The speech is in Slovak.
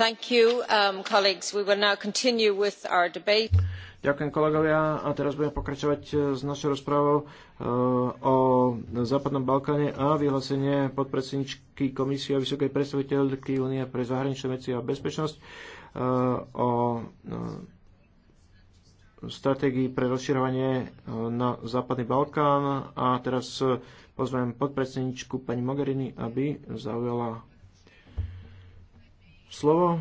Um, Ďakujem kolegovia a teraz budeme pokračovať e, s našou rozprávou e, o Západnom Balkáne a vyhlásenie podpredsedníčky komisie a vysokej predstaviteľky Únie pre zahraničné veci a bezpečnosť e, o stratégii pre rozširovanie na Západný Balkán a teraz pozvem podpredsedničku pani Mogherini, aby zaujala slovo.